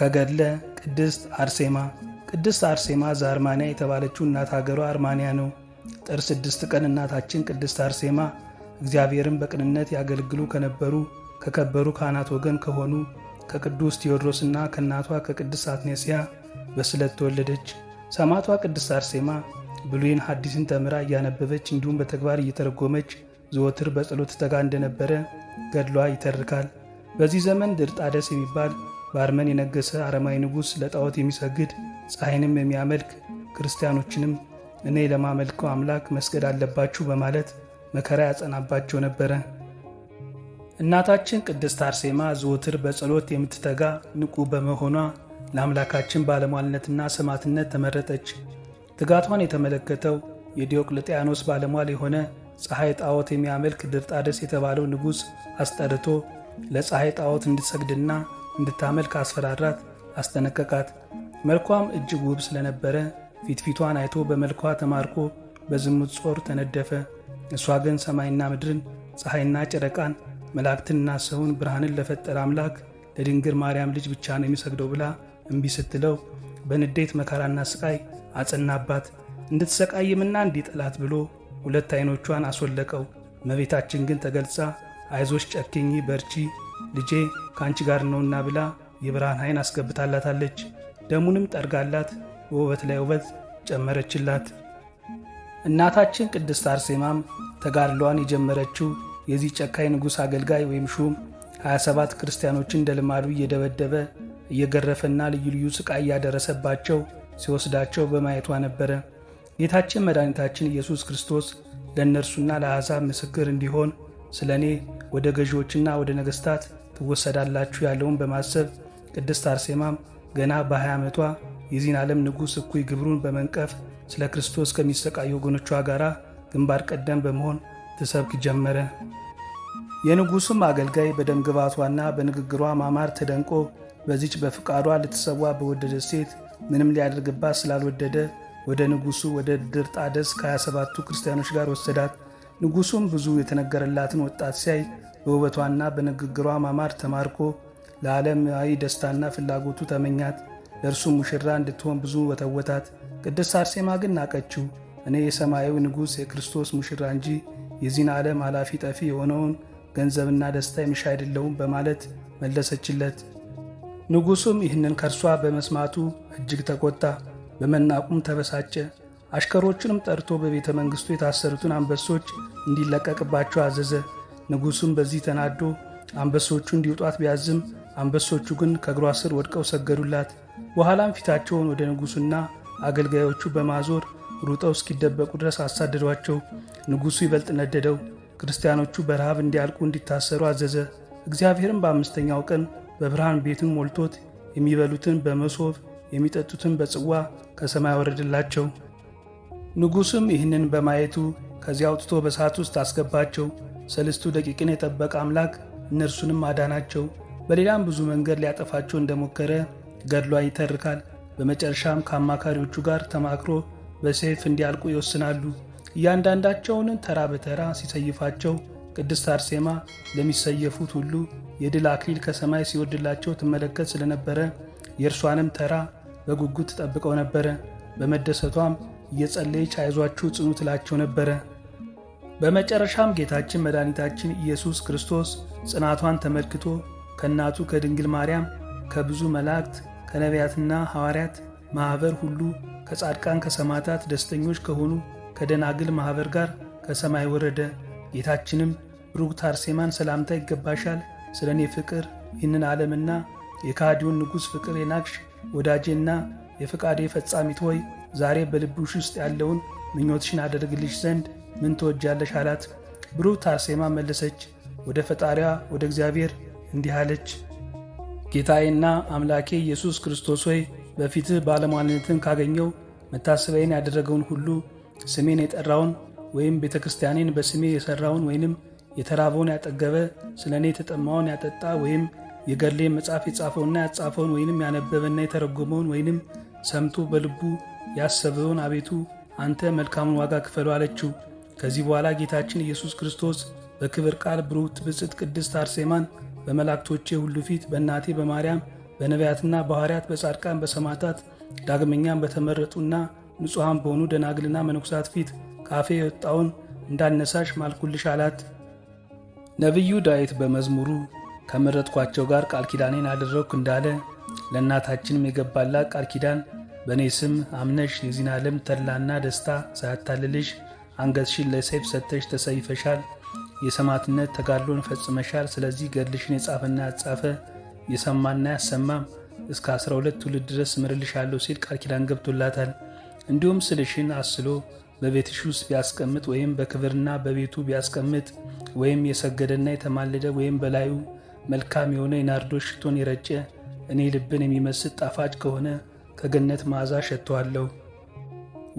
ከገድለ ቅድስት አርሴማ ቅድስት አርሴማ ዘአርማንያ የተባለችው እናት ሀገሯ አርማንያ ነው። ጥር ስድስት ቀን እናታችን ቅድስት አርሴማ እግዚአብሔርን በቅንነት ያገልግሉ ከነበሩ ከከበሩ ካህናት ወገን ከሆኑ ከቅዱስ ቴዎድሮስና ከእናቷ ከቅድስት አትኔስያ በስለት ተወለደች። ሰማዕቷ ቅድስት አርሴማ ብሉይን ሐዲስን ተምራ እያነበበች እንዲሁም በተግባር እየተረጎመች ዘወትር በጸሎት ተጋ እንደነበረ ገድሏ ይተርካል። በዚህ ዘመን ድርጣደስ የሚባል በአርመን የነገሰ አረማዊ ንጉሥ ለጣዖት የሚሰግድ ፀሐይንም የሚያመልክ ክርስቲያኖችንም እኔ ለማመልከው አምላክ መስገድ አለባችሁ በማለት መከራ ያጸናባቸው ነበረ። እናታችን ቅድስት አርሴማ ዘወትር በጸሎት የምትተጋ ንቁ በመሆኗ ለአምላካችን ባለሟልነትና ሰማዕትነት ተመረጠች። ትጋቷን የተመለከተው የዲዮቅልጥያኖስ ባለሟል የሆነ ፀሐይ ጣዖት የሚያመልክ ድርጣደስ የተባለው ንጉሥ አስጠርቶ ለፀሐይ ጣዖት እንድትሰግድና እንድታመልክ አስፈራራት፣ አስጠነቀቃት። መልኳም እጅግ ውብ ስለነበረ ፊትፊቷን አይቶ በመልኳ ተማርኮ በዝሙት ጾር ተነደፈ። እሷ ግን ሰማይና ምድርን ፀሐይና ጨረቃን መላእክትንና ሰውን ብርሃንን ለፈጠረ አምላክ ለድንግር ማርያም ልጅ ብቻ ነው የሚሰግደው ብላ እምቢ ስትለው በንዴት መከራና ስቃይ አጸናባት። እንድትሰቃይምና እንዲጠላት ብሎ ሁለት ዓይኖቿን አስወለቀው። እመቤታችን ግን ተገልጻ አይዞሽ፣ ጨክኚ፣ በርቺ ልጄ ከአንቺ ጋር ነውና ብላ የብርሃን ዓይን አስገብታላታለች። ደሙንም ጠርጋላት በውበት ላይ ውበት ጨመረችላት። እናታችን ቅድስት አርሴማም ተጋድሏን የጀመረችው የዚህ ጨካኝ ንጉሥ አገልጋይ ወይም ሹም 27 ክርስቲያኖችን እንደ ልማዱ እየደበደበ እየገረፈና ልዩ ልዩ ስቃይ እያደረሰባቸው ሲወስዳቸው በማየቷ ነበረ። ጌታችን መድኃኒታችን ኢየሱስ ክርስቶስ ለእነርሱና ለአሕዛብ ምስክር እንዲሆን ስለ እኔ ወደ ገዢዎችና ወደ ነገሥታት ትወሰዳላችሁ ያለውን በማሰብ ቅድስት አርሴማም ገና በ20 ዓመቷ የዚህን ዓለም ንጉሥ እኩይ ግብሩን በመንቀፍ ስለ ክርስቶስ ከሚሰቃዩ ወገኖቿ ጋር ግንባር ቀደም በመሆን ትሰብክ ጀመረ። የንጉሱም አገልጋይ በደምግባቷና በንግግሯ ማማር ተደንቆ በዚች በፍቃዷ ልትሰዋ በወደደ ሴት ምንም ሊያደርግባት ስላልወደደ ወደ ንጉሱ ወደ ድርጣደስ ከ27ቱ ክርስቲያኖች ጋር ወሰዳት። ንጉሱም ብዙ የተነገረላትን ወጣት ሲያይ በውበቷና በንግግሯ ማማር ተማርኮ ለዓለማዊ ደስታና ፍላጎቱ ተመኛት። ለእርሱ ሙሽራ እንድትሆን ብዙ ወተወታት። ቅድስት አርሴማ ግን ናቀችው። እኔ የሰማያዊ ንጉሥ የክርስቶስ ሙሽራ እንጂ የዚህን ዓለም ኃላፊ ጠፊ የሆነውን ገንዘብና ደስታ የምሻ አይደለውም በማለት መለሰችለት። ንጉሱም ይህንን ከእርሷ በመስማቱ እጅግ ተቆጣ፣ በመናቁም ተበሳጨ። አሽከሮቹንም ጠርቶ በቤተ መንግሥቱ የታሰሩትን አንበሶች እንዲለቀቅባቸው አዘዘ። ንጉሡም በዚህ ተናዶ አንበሶቹ እንዲውጧት ቢያዝም አንበሶቹ ግን ከእግሯ ስር ወድቀው ሰገዱላት። በኋላም ፊታቸውን ወደ ንጉሡና አገልጋዮቹ በማዞር ሩጠው እስኪደበቁ ድረስ አሳደዷቸው። ንጉሡ ይበልጥ ነደደው። ክርስቲያኖቹ በረሃብ እንዲያልቁ እንዲታሰሩ አዘዘ። እግዚአብሔርም በአምስተኛው ቀን በብርሃን ቤትን ሞልቶት የሚበሉትን በመሶብ የሚጠጡትን በጽዋ ከሰማይ አወረደላቸው። ንጉሥም ይህንን በማየቱ ከዚያ አውጥቶ በእሳት ውስጥ አስገባቸው። ሰልስቱ ደቂቅን የጠበቀ አምላክ እነርሱንም አዳናቸው። በሌላም ብዙ መንገድ ሊያጠፋቸው እንደሞከረ ገድሏ ይተርካል። በመጨረሻም ከአማካሪዎቹ ጋር ተማክሮ በሰይፍ እንዲያልቁ ይወስናሉ። እያንዳንዳቸውን ተራ በተራ ሲሰይፋቸው ቅድስት አርሴማ ለሚሰየፉት ሁሉ የድል አክሊል ከሰማይ ሲወርድላቸው ትመለከት ስለነበረ የእርሷንም ተራ በጉጉት ጠብቀው ነበረ። በመደሰቷም እየጸለየች አይዟችሁ ጽኑ ትላቸው ነበረ። በመጨረሻም ጌታችን መድኃኒታችን ኢየሱስ ክርስቶስ ጽናቷን ተመልክቶ ከእናቱ ከድንግል ማርያም ከብዙ መላእክት ከነቢያትና ሐዋርያት ማኅበር ሁሉ ከጻድቃን ከሰማዕታት ደስተኞች ከሆኑ ከደናግል ማኅበር ጋር ከሰማይ ወረደ። ጌታችንም ብሩክት አርሴማን ሰላምታ ይገባሻል፣ ስለ እኔ ፍቅር ይህንን ዓለምና የካዲውን ንጉሥ ፍቅር የናቅሽ ወዳጄና የፈቃዴ ፈጻሚት ሆይ ዛሬ በልብሽ ውስጥ ያለውን ምኞትሽን አደርግልሽ ዘንድ ምን ትወጃለሽ አላት። ብሩህ ታሴማ መለሰች፣ ወደ ፈጣሪዋ ወደ እግዚአብሔር እንዲህ አለች። ጌታዬና አምላኬ ኢየሱስ ክርስቶስ ሆይ በፊትህ ባለሟልነትን ካገኘው መታሰቢያን ያደረገውን ሁሉ ስሜን የጠራውን ወይም ቤተ ክርስቲያኔን በስሜ የሠራውን ወይንም የተራበውን ያጠገበ ስለ እኔ የተጠማውን ያጠጣ ወይም የገድሌን መጽሐፍ የጻፈውና ያጻፈውን ወይንም ያነበበና የተረጎመውን ወይንም ሰምቶ በልቡ ያሰበውን አቤቱ አንተ መልካሙን ዋጋ ክፈሉ አለችው። ከዚህ በኋላ ጌታችን ኢየሱስ ክርስቶስ በክብር ቃል ብሩት ብጽት ቅድስት አርሴማን በመላእክቶቼ ሁሉ ፊት በእናቴ በማርያም በነቢያትና በሐዋርያት በጻድቃን በሰማዕታት ዳግመኛም በተመረጡና ንጹሐን በሆኑ ደናግልና መነኩሳት ፊት ካፌ የወጣውን እንዳነሳሽ ማልኩልሽ አላት። ነቢዩ ዳዊት በመዝሙሩ ከመረጥኳቸው ጋር ቃል ኪዳኔን አደረግኩ እንዳለ ለእናታችንም የገባላት ቃል ኪዳን በእኔ ስም አምነሽ የዚህን ዓለም ተድላና ደስታ ሳያታልልሽ አንገትሽን ለሰይፍ ሰጥተሽ ተሰይፈሻል። የሰማዕትነት ተጋድሎን ፈጽመሻል። ስለዚህ ገድልሽን የጻፈና ያጻፈ የሰማና ያሰማም እስከ 12 ትውልድ ድረስ እምርልሻለሁ ሲል ቃል ኪዳን ገብቶላታል። እንዲሁም ስልሽን አስሎ በቤትሽ ውስጥ ቢያስቀምጥ ወይም በክብርና በቤቱ ቢያስቀምጥ ወይም የሰገደና የተማለደ ወይም በላዩ መልካም የሆነ የናርዶ ሽቶን የረጨ እኔ ልብን የሚመስል ጣፋጭ ከሆነ ከገነት መዓዛ ሸጥተዋለሁ።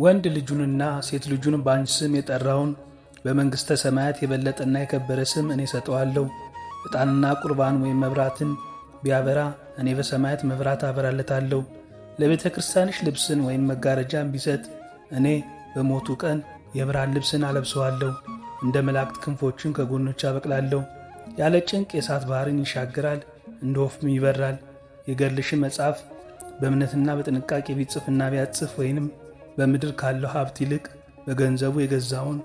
ወንድ ልጁንና ሴት ልጁን በአንቺ ስም የጠራውን በመንግሥተ ሰማያት የበለጠና የከበረ ስም እኔ ሰጠዋለሁ። ዕጣንና ቁርባን ወይም መብራትን ቢያበራ እኔ በሰማያት መብራት አበራለታለሁ። ለቤተ ክርስቲያንሽ ልብስን ወይም መጋረጃን ቢሰጥ እኔ በሞቱ ቀን የብርሃን ልብስን አለብሰዋለሁ። እንደ መላእክት ክንፎችን ከጎኖች አበቅላለሁ። ያለ ጭንቅ የእሳት ባህርን ይሻግራል፣ እንደ ወፍም ይበራል። የገድልሽን መጽሐፍ በእምነትና በጥንቃቄ ቢጽፍና ቢያጽፍ ወይንም በምድር ካለው ሀብት ይልቅ በገንዘቡ የገዛውን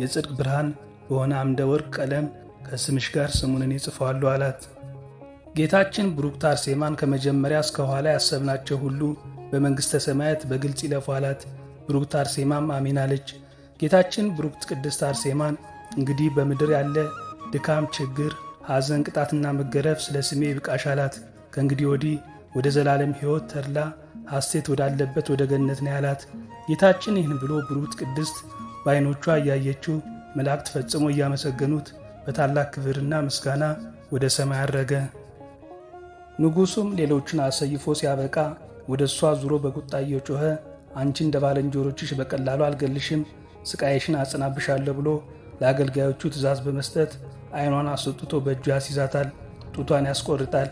የጽድቅ ብርሃን በሆነ አምደ ወርቅ ቀለም ከስምሽ ጋር ስሙን እኔ ጽፈዋለሁ አላት። ጌታችን ብሩክት አርሴማን ከመጀመሪያ እስከ ኋላ ያሰብናቸው ሁሉ በመንግሥተ ሰማያት በግልጽ ይለፉ አላት። ብሩክት አርሴማም አሜን አለች። ጌታችን ብሩክት ቅድስት አርሴማን እንግዲህ በምድር ያለ ድካም፣ ችግር፣ ሐዘን፣ ቅጣትና መገረፍ ስለ ስሜ ይብቃሽ አላት። ከእንግዲህ ወዲህ ወደ ዘላለም ሕይወት ተድላ ሐሴት ወዳለበት ወደ ገነት ነው ያላት። ጌታችን ይህን ብሎ ብሩት ቅድስት በዐይኖቿ እያየችው መላእክት ፈጽሞ እያመሰገኑት በታላቅ ክብርና ምስጋና ወደ ሰማይ አረገ። ንጉሡም ሌሎቹን አሰይፎ ሲያበቃ ወደ እሷ ዙሮ በቁጣ እየጮኸ አንቺ እንደ ባልንጀሮችሽ በቀላሉ አልገልሽም፣ ስቃይሽን አጸናብሻለሁ ብሎ ለአገልጋዮቹ ትእዛዝ በመስጠት ዐይኗን አስወጥቶ በእጁ ያስይዛታል፣ ጡቷን ያስቆርጣል።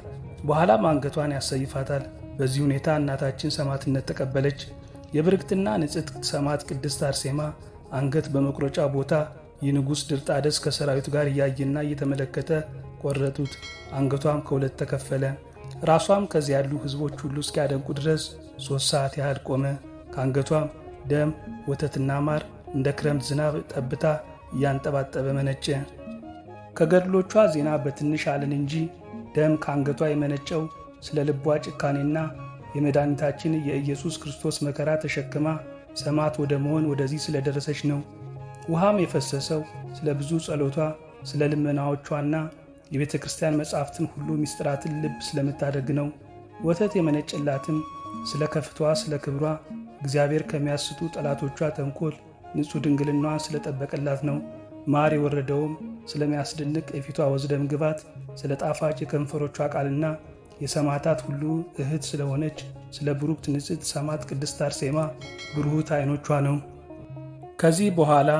በኋላም አንገቷን ያሰይፋታል። በዚህ ሁኔታ እናታችን ሰማዕትነት ተቀበለች። የብርክትና ንጽሕት ሰማዕት ቅድስት አርሴማ አንገት በመቁረጫ ቦታ የንጉሥ ድርጣደስ ከሰራዊቱ ጋር እያየና እየተመለከተ ቆረጡት። አንገቷም ከሁለት ተከፈለ። ራሷም ከዚያ ያሉ ሕዝቦች ሁሉ እስኪያደንቁ ድረስ ሦስት ሰዓት ያህል ቆመ። ከአንገቷም ደም፣ ወተትና ማር እንደ ክረምት ዝናብ ጠብታ እያንጠባጠበ መነጨ። ከገድሎቿ ዜና በትንሽ አለን እንጂ ደም ከአንገቷ የመነጨው ስለ ልቧ ጭካኔና የመድኃኒታችን የኢየሱስ ክርስቶስ መከራ ተሸክማ ሰማዕት ወደ መሆን ወደዚህ ስለደረሰች ነው። ውሃም የፈሰሰው ስለ ብዙ ጸሎቷ፣ ስለ ልመናዎቿና የቤተ ክርስቲያን መጻሕፍትን ሁሉ ምስጢራትን ልብ ስለምታደርግ ነው። ወተት የመነጨላትም ስለ ከፍቷ፣ ስለ ክብሯ እግዚአብሔር ከሚያስቱ ጠላቶቿ ተንኮል ንጹሕ ድንግልናዋን ስለጠበቀላት ነው። ማር የወረደውም ስለሚያስደንቅ የፊቷ ወዝደም ግባት፣ ስለ ጣፋጭ የከንፈሮቿ ቃልና የሰማዕታት ሁሉ እህት ስለሆነች ስለ ብሩክት ንጽሕት ሰማዕት ቅድስት አርሴማ ብሩህት ዐይኖቿ ነው። ከዚህ በኋላ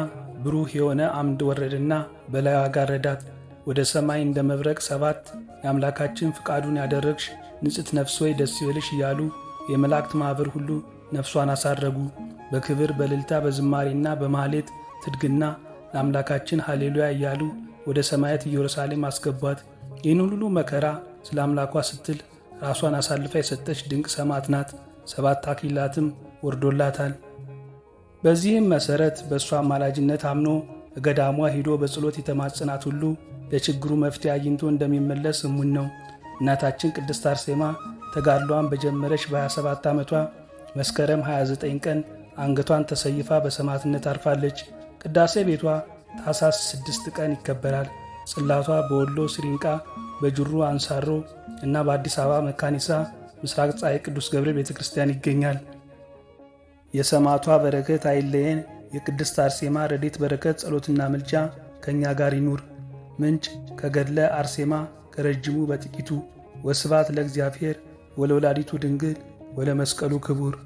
ብሩህ የሆነ አምድ ወረድና በላዩ ጋረዳት። ወደ ሰማይ እንደ መብረቅ ሰባት የአምላካችን ፍቃዱን ያደረግሽ ንጽሕት ነፍስ ሆይ ደስ ይበልሽ እያሉ የመላእክት ማኅበር ሁሉ ነፍሷን አሳረጉ። በክብር በልልታ በዝማሬና በማኅሌት ትድግና ለአምላካችን ሀሌሉያ እያሉ ወደ ሰማያት ኢየሩሳሌም አስገቧት። ይህን ሁሉ መከራ ስለ አምላኳ ስትል ራሷን አሳልፋ የሰጠች ድንቅ ሰማዕት ናት። ሰባት አክሊላትም ወርዶላታል። በዚህም መሠረት በእሷ አማላጅነት አምኖ እገዳሟ ሂዶ በጸሎት የተማጽናት ሁሉ ለችግሩ መፍትሄ አግኝቶ እንደሚመለስ እሙን ነው። እናታችን ቅድስት አርሴማ ተጋድሏን በጀመረች በ27 ዓመቷ መስከረም 29 ቀን አንገቷን ተሰይፋ በሰማዕትነት አርፋለች። ቅዳሴ ቤቷ ታኅሳስ ስድስት ቀን ይከበራል። ጽላቷ በወሎ ስሪንቃ፣ በጅሩ አንሳሮ እና በአዲስ አበባ መካኒሳ ምስራቅ ፀሐይ ቅዱስ ገብርኤል ቤተ ክርስቲያን ይገኛል። የሰማዕቷ በረከት አይለየን። የቅድስት አርሴማ ረዴት በረከት ጸሎትና ምልጃ ከእኛ ጋር ይኑር። ምንጭ ከገድለ አርሴማ ከረጅሙ በጥቂቱ። ወስባት ለእግዚአብሔር ወለወላዲቱ ድንግል ወለመስቀሉ ክቡር